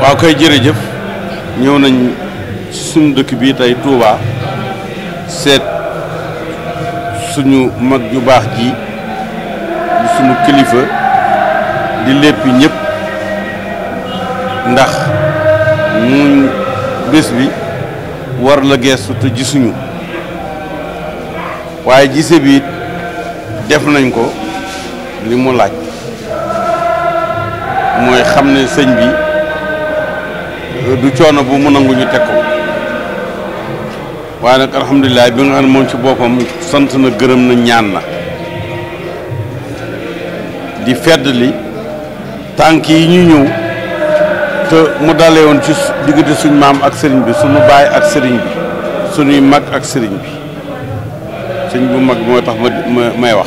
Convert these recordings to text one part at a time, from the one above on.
waaw koy jërëjëf ñëw nañ suñu dëkk bii tey Touba seet suñu mag ju baax ji suñu kilifa di lépp ñëpp ndax ñun bés bi war la geestu te gisuñu waaye gise bi def nañ ko li mu laaj mooy xam ne sëñ bi du coono bu mu nangu ñu teg ko waaye nag alhamdulilah bi nga xam ne moom ci boppam sant na gërëm na ñaan na di fedd li tànk yi ñu ñëw te mu dalee woon ci diggante suñ maam ak sëriñ bi suñu baay ak sëriñ suñuy mag ak sëriñ bi sëñ bu mag moo tax ma may wax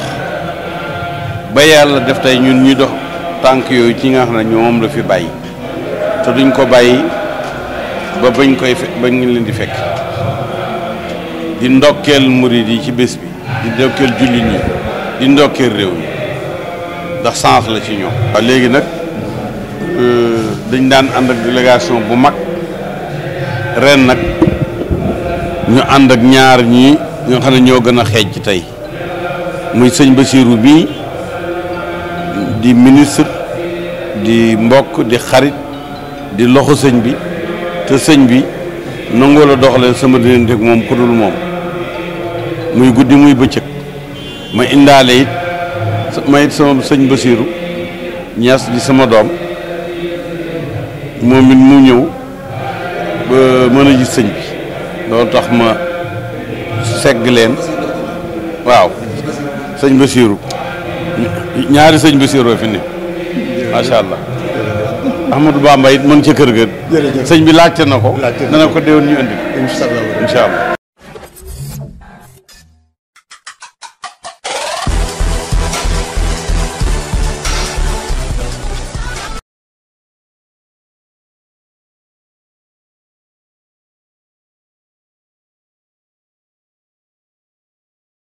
ba yàlla def tey ñun ñi dox tànk yooyu ci nga xam ne ñoom la fi bàyyi te duñ ko bàyyi ba bañ koy fe bañ leen di fekk di ndokkeel murid yi ci bés bi di ndokkeel jullit ñi di ndokkeel réew mi ndax sens la ci ñoom. waaw léegi nag. Euh, dañ daan ànd ak délégation bu mag ren nag ñu ànd ak ñaar ñi ñoo xam ne ñoo gën a xeej ci tey muy sëñ Bassirou bii di ministre di mbokk di xarit di loxo sëñ bi te sëñ bi nangoo la doxalee sama diggante ak moom ku dul moom muy guddi muy bëccëg ma indaale it ma it sama sëñ Bassirou ñas di sama doom moom it mu ñëw ba mën a gis sëñ bi loolu tax ma segg leen waaw sëñ Basiiru ñaari sëñ Basiiru fi ne macha allah Ahmadou Bamba it mën ca kër ga sëñ bi laajte na ko dana ko déwoon ñu indi incha allah